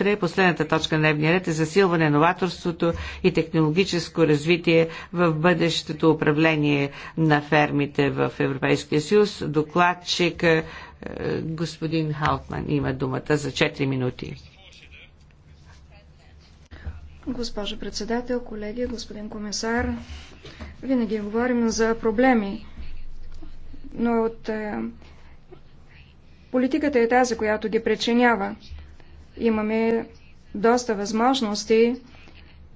Утре последната точка на дневния ред е засилване на новаторството и технологическо развитие в бъдещето управление на фермите в Европейския съюз. Докладчик е, господин Халтман има думата за 4 минути. Госпожо председател, колеги, господин комисар, винаги говорим за проблеми, но от е, политиката е тази, която ги причинява. Имаме доста възможности,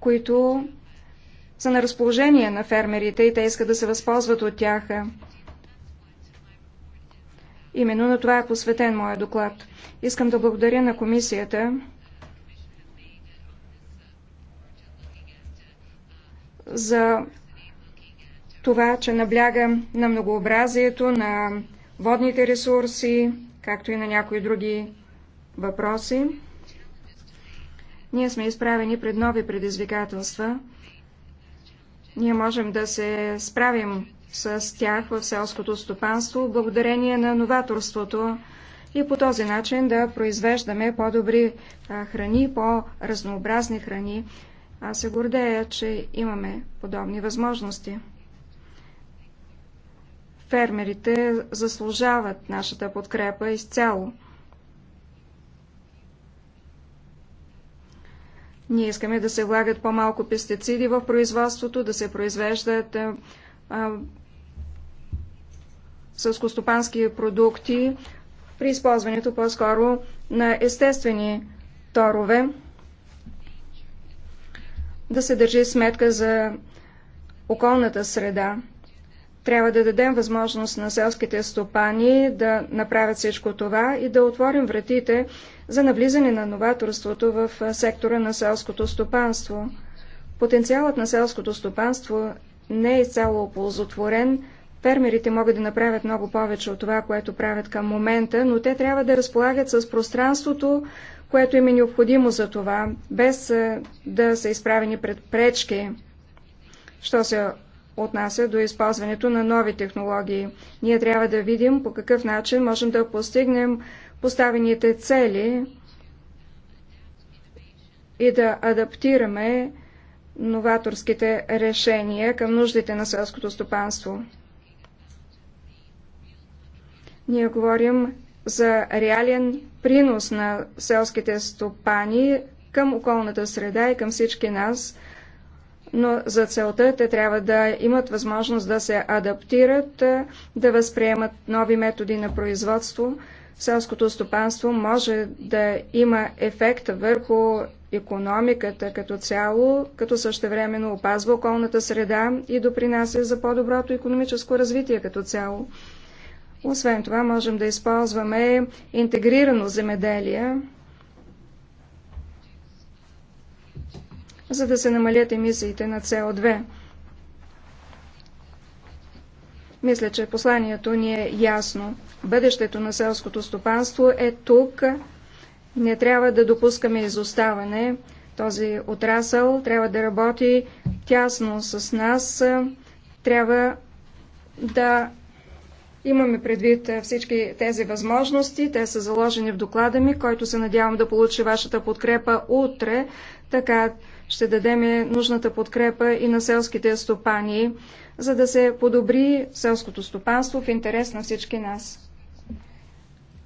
които са на разположение на фермерите и те искат да се възползват от тях. Именно на това е посветен моя доклад. Искам да благодаря на комисията за това, че набляга на многообразието, на водните ресурси, както и на някои други въпроси. Ние сме изправени пред нови предизвикателства. Ние можем да се справим с тях в селското стопанство, благодарение на новаторството и по този начин да произвеждаме по-добри храни, по-разнообразни храни. Аз се гордея, че имаме подобни възможности. Фермерите заслужават нашата подкрепа изцяло. Ние искаме да се влагат по-малко пестициди в производството, да се произвеждат сълскостопански продукти при използването по-скоро на естествени торове, да се държи сметка за околната среда. Трябва да дадем възможност на селските стопани да направят всичко това и да отворим вратите за навлизане на новаторството в сектора на селското стопанство. Потенциалът на селското стопанство не е изцяло оползотворен. Фермерите могат да направят много повече от това, което правят към момента, но те трябва да разполагат с пространството, което им е необходимо за това, без да са изправени пред пречки. Що се отнася до използването на нови технологии. Ние трябва да видим по какъв начин можем да постигнем поставените цели и да адаптираме новаторските решения към нуждите на селското стопанство. Ние говорим за реален принос на селските стопани към околната среда и към всички нас – но за целта те трябва да имат възможност да се адаптират, да възприемат нови методи на производство. Селското стопанство може да има ефект върху економиката като цяло, като същевременно опазва околната среда и допринася за по-доброто економическо развитие като цяло. Освен това, можем да използваме интегрирано земеделие, за да се намалят емисиите на СО2. Мисля, че посланието ни е ясно. Бъдещето на селското стопанство е тук. Не трябва да допускаме изоставане. Този отрасъл трябва да работи тясно с нас. Трябва да имаме предвид всички тези възможности. Те са заложени в доклада ми, който се надявам да получи вашата подкрепа утре. Така ще дадем е нужната подкрепа и на селските стопани, за да се подобри селското стопанство в интерес на всички нас.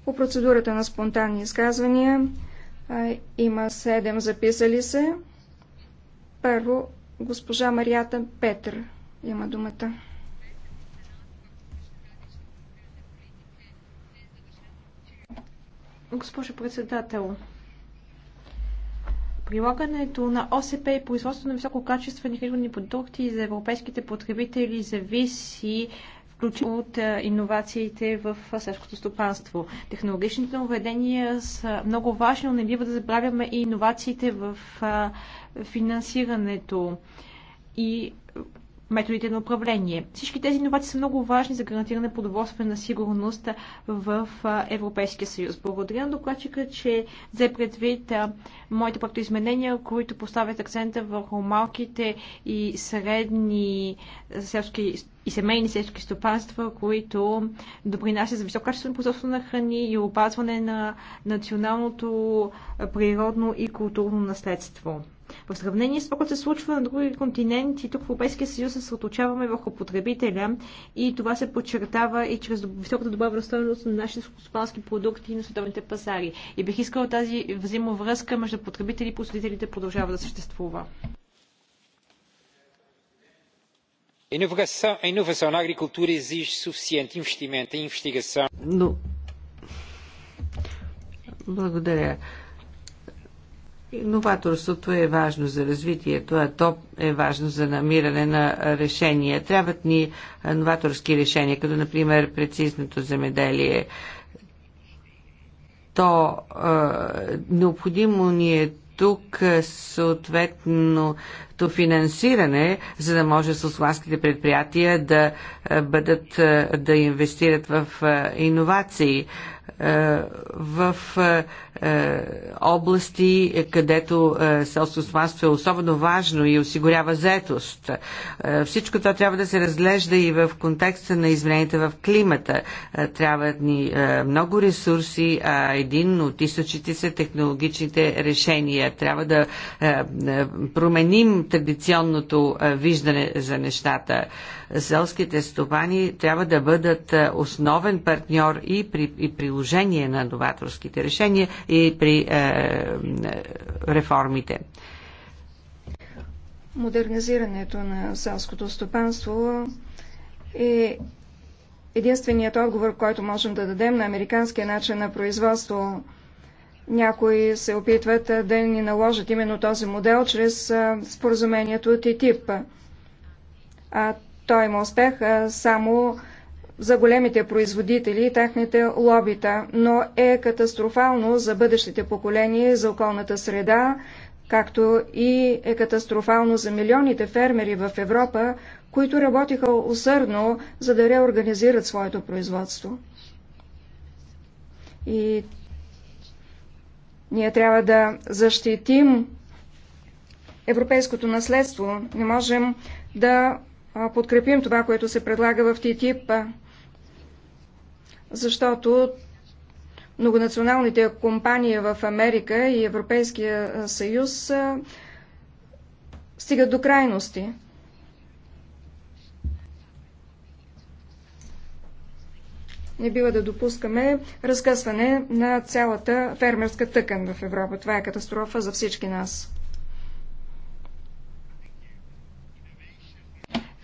По процедурата на спонтанни изказвания има седем записали се. Първо, госпожа Марията Петър има думата. Госпожо председател, Прилагането на ОСП и производството на висококачествени хранителни продукти за европейските потребители зависи включително от е, иновациите в е, селското стопанство. Технологичните наведения са много важни, но не бива да забравяме и иновациите в е, финансирането и методите на управление. Всички тези иновации са много важни за гарантиране продоволствена сигурност в Европейския съюз. Благодаря на докладчика, че взе предвид моите изменения, които поставят акцента върху малките и средни селски и семейни селски стопанства, които допринасят за високо качество на производство на храни и опазване на националното природно и културно наследство. В сравнение с това, което се случва на други континенти, тук в Европейския съюз се съоточаваме върху потребителя и това се подчертава и чрез високата добавена стоеност на нашите скоспански продукти и на световните пазари. И бих искала тази взаимовръзка между потребители и производителите продължава да съществува. A inovação, a inovação na agricultura exige suficiente Благодаря. Новаторството е важно за развитието, а то е важно за намиране на решения. Трябват ни новаторски решения, като например прецизното земеделие. То е, необходимо ни е тук съответното финансиране, за да може съсланските предприятия да бъдат, да инвестират в иновации. Е, в е, е, области, където селско е особено важно и осигурява заетост. Всичко това трябва да се разглежда и в контекста на изменените в климата. Трябват ни много ресурси, а един от източите са технологичните решения. Трябва да променим традиционното виждане за нещата. Селските стопани трябва да бъдат основен партньор и при, и при приложение на новаторските решения и при е, реформите. Модернизирането на селското стопанство е единственият отговор, който можем да дадем на американския начин на производство. Някои се опитват е, да ни наложат именно този модел чрез е, споразумението от ТИТИП. А той има успех е, само за големите производители и техните лобита, но е катастрофално за бъдещите поколения, за околната среда, както и е катастрофално за милионите фермери в Европа, които работиха усърдно, за да реорганизират своето производство. И ние трябва да защитим европейското наследство. Не можем да подкрепим това, което се предлага в ТИТИП защото многонационалните компании в Америка и Европейския съюз стигат до крайности. Не бива да допускаме разкъсване на цялата фермерска тъкан в Европа. Това е катастрофа за всички нас.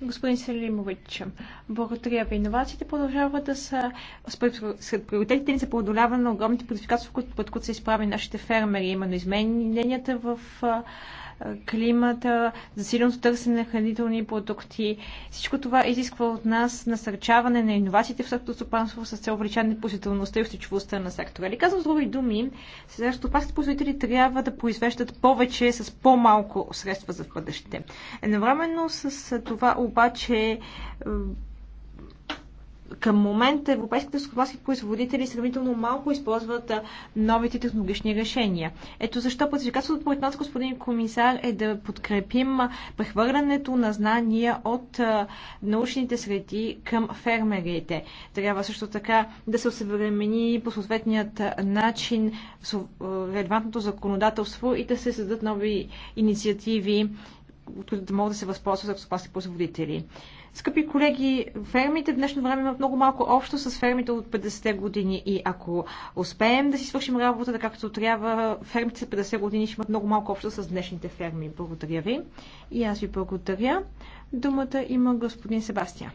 Господин Селимович, благодаря ви. Инновациите продължават да са сред приоритетите ни за преодоляване на огромните предизвикателства, под които са изправени нашите фермери, именно измененията в климата, засиленото търсене на хранителни продукти. Всичко това изисква от нас насърчаване на иновациите в сектор стопанство с цел увеличаване посетителността и устойчивостта на сектора. Или казвам с други думи, сега стопанските производители трябва да произвеждат повече с по-малко средства за бъдеще. Едновременно с това обаче към момента европейските стопански производители сравнително малко използват новите технологични решения. Ето защо предизвикателството пред нас, господин комисар, е да подкрепим прехвърлянето на знания от научните среди към фермерите. Трябва също така да се осъвремени по съответният начин релевантното законодателство и да се създадат нови инициативи, които да могат да се възползват за стопански производители. Скъпи колеги, фермите в днешно време имат много малко общо с фермите от 50-те години и ако успеем да си свършим работата както трябва, фермите след 50 години ще имат много малко общо с днешните ферми. Благодаря ви. И аз ви благодаря. Думата има господин Себастия.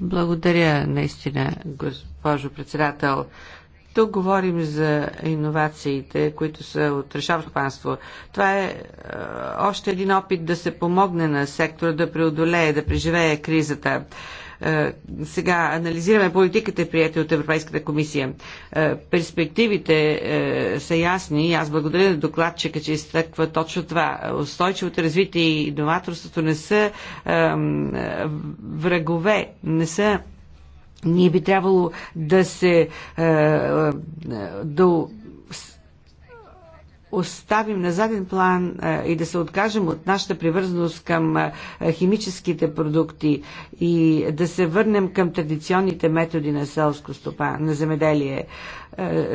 Благодаря наистина, госпожо председател. Тук говорим за иновациите, които са от решаващо панство, Това е, е още един опит да се помогне на сектора да преодолее, да преживее кризата. Е, сега анализираме политиката, прияте от Европейската комисия. Е, перспективите е, са ясни и аз благодаря на докладчика, че изтъква точно това. Устойчивото развитие и иноваторството не са е, врагове, не са ние би трябвало да се е, е, да оставим на заден план е, и да се откажем от нашата привързаност към химическите продукти и да се върнем към традиционните методи на селско стопа, на земеделие.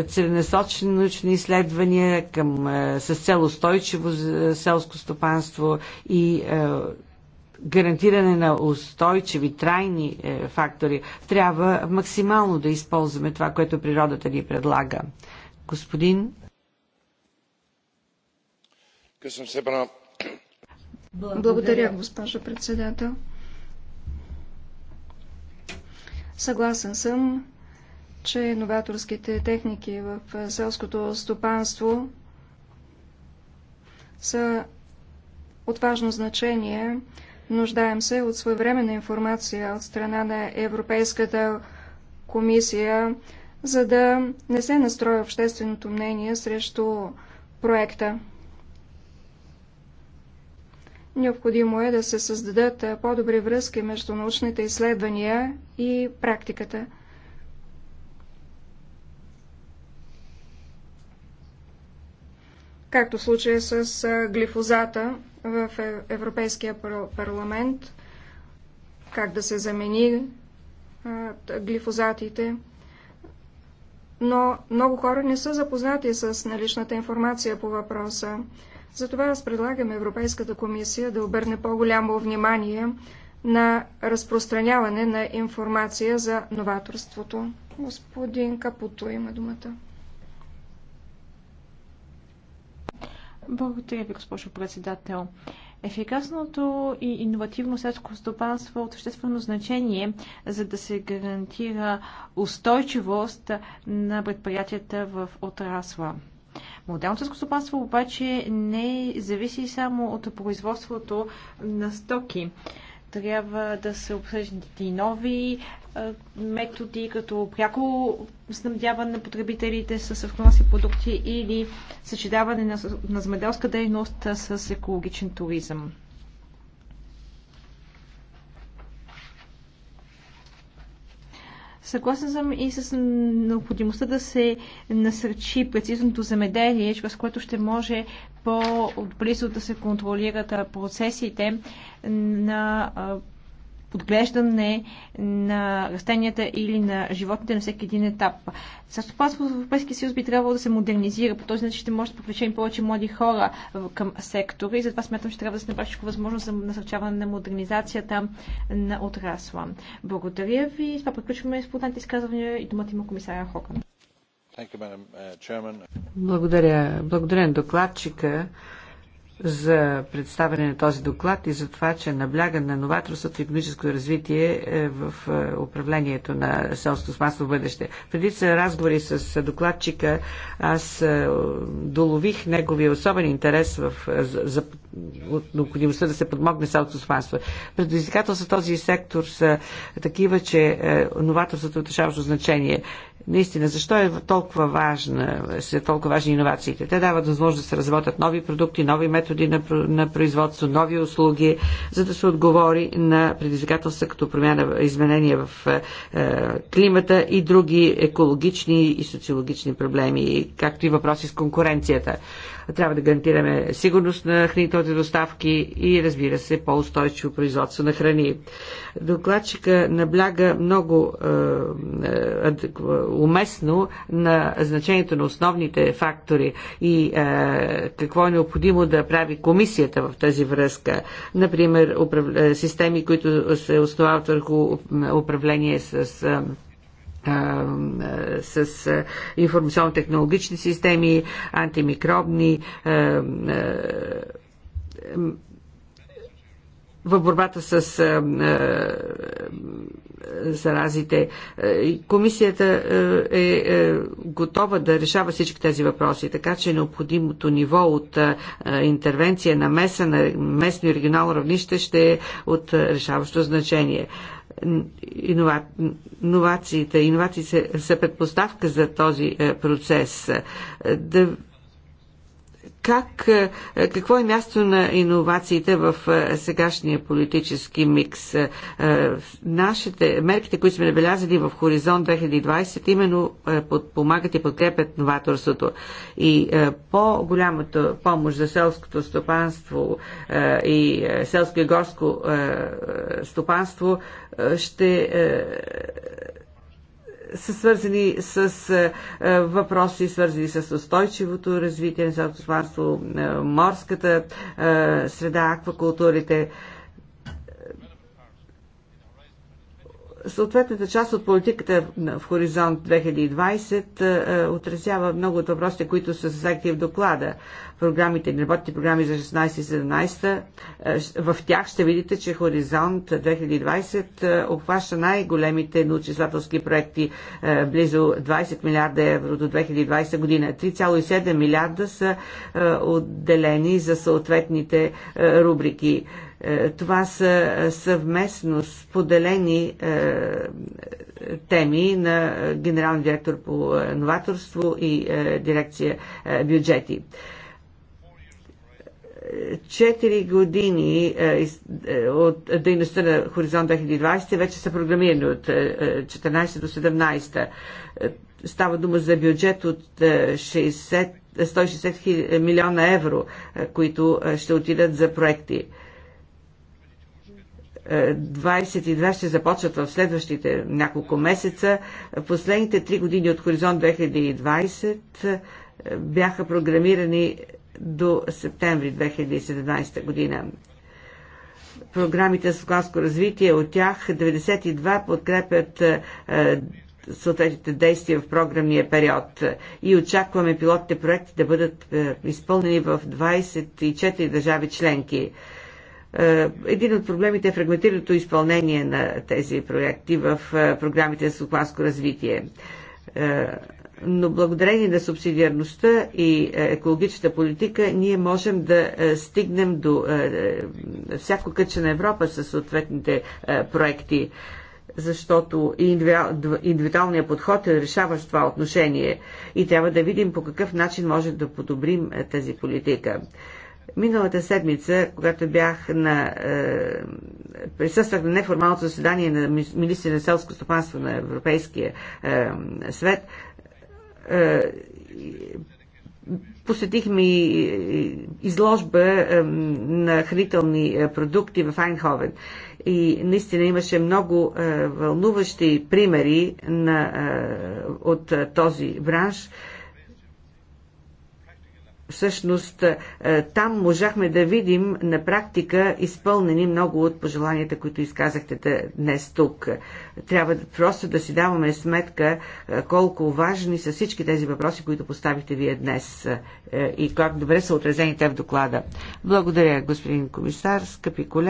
Целенасочени научни изследвания към, с цел устойчиво селско стопанство и гарантиране на устойчиви, трайни е, фактори, трябва максимално да използваме това, което природата ни предлага. Господин. Благодаря, госпожо председател. Съгласен съм, че новаторските техники в е, селското стопанство са от важно значение Нуждаем се от своевременна информация от страна на Европейската комисия, за да не се настрои общественото мнение срещу проекта. Необходимо е да се създадат по-добри връзки между научните изследвания и практиката. Както в случая с глифозата, в Европейския парламент, как да се замени глифозатите. Но много хора не са запознати с наличната информация по въпроса. Затова аз предлагам Европейската комисия да обърне по-голямо внимание на разпространяване на информация за новаторството. Господин Капуто има думата. Благодаря ви, госпожо председател. Ефикасното и иновативно селско стопанство е от съществено значение, за да се гарантира устойчивост на предприятията в отрасла. Моделното селско стопанство обаче не зависи само от производството на стоки трябва да се обсъждат и нови методи, като пряко снабдяване на потребителите с автоматични продукти или съчетаване на, на земеделска дейност с екологичен туризъм. Съгласен съм и с необходимостта да се насърчи прецизното замеделие, чрез което ще може по-близо да се контролират процесите на подглеждане на растенията или на животните на всеки един етап. Съступанството в Европейския съюз би трябвало да се модернизира. По този начин ще може да привлечем повече млади хора към сектора и затова смятам, че трябва да се направи всичко възможно за насърчаване на модернизацията на отрасла. Благодаря ви. С това приключваме спонтанните изказвания и думата има комисаря Хокън. Uh, Благодаря. Благодаря на докладчика за представяне на този доклад и за това, че набляга на новаторството и економическо развитие е, в е, управлението на селското стопанство бъдеще. Преди са разговори с докладчика, аз е, долових неговия особен интерес в, за от необходимостта да се подмогне селското стопанство. Предизвикателства този сектор са такива, че е, новаторството е значение. Наистина, защо е толкова важна, са толкова важни иновациите? Те дават възможност да се разработят нови продукти, нови методи на, на производство, нови услуги, за да се отговори на предизвикателства като промяна, изменения в е, е, климата и други екологични и социологични проблеми, както и въпроси с конкуренцията. Трябва да гарантираме сигурност на хранителните сигурни доставки и разбира се по-устойчиво производство на храни. Докладчика набляга много е, е, уместно на значението на основните фактори и е, какво е необходимо да прави комисията в тази връзка. Например, управ... Е, системи, които се основават върху управление с е, е с е, информационно-технологични системи, антимикробни в борбата с а, а, е, е, заразите. Е, комисията е, готова да решава всички тези въпроси, така че необходимото ниво от интервенция на меса на местно и регионално равнище ще е от решаващо значение. Иновациите, иновациите са, са предпоставка за този процес. Да как, е, е, какво е място на иновациите в е, сегашния политически микс? Нашите мерките, които сме набелязали в Хоризонт 2020, именно подпомагат и подкрепят новаторството. И по-голямата помощ за селското стопанство и селско и горско стопанство ще са свързани с е, е, въпроси, свързани с устойчивото развитие на селското е, морската среда, аквакултурите. Съответната част от политиката в Хоризонт 2020 е, е, отразява много от въпросите, които са засегнати в доклада. Програмите, работните програми за 16-17, е, в тях ще видите, че Хоризонт 2020 обхваща най-големите научно-изследователски проекти, близо 20 милиарда евро до 2020 година. 3,7 милиарда са отделени за съответните рубрики е, това са съвместно споделени е, теми на генерален директор по е, новаторство и дирекция бюджети четири години от дейността на Хоризонт 2020 вече са програмирани от 14 до 17. Става дума за бюджет от 60, 160 милиона евро, които ще отидат за проекти. 22 ще започват в следващите няколко месеца. Последните три години от Хоризонт 2020 е, бяха програмирани до септември 2017 година. Програмите за стопанско развитие от тях 92 подкрепят е, съответните действия в програмния период и очакваме пилотните проекти да бъдат е, изпълнени в 24 държави членки. Е, един от проблемите е фрагментираното изпълнение на тези проекти в е, програмите за стопанско развитие е, но благодарение на субсидиарността и екологичната политика ние можем да стигнем до всяко къче на Европа със съответните проекти, защото индивидуалният подход е решаващ това отношение и трябва да видим по какъв начин може да подобрим тази политика. Миналата седмица, когато бях на, е, присъствах на неформалното заседание на министри на селско стопанство на Европейския е, свет, е, посетихме изложба е, на хранителни е, продукти в Айнховен. И наистина имаше много е, вълнуващи примери на, от този бранш всъщност е, там можахме да видим на практика изпълнени много от пожеланията, които изказахте днес тук. Трябва просто да си даваме сметка е, колко важни са всички тези въпроси, които поставихте вие днес е, и как добре са отразени те в доклада. Благодаря, господин комисар, скъпи колеги.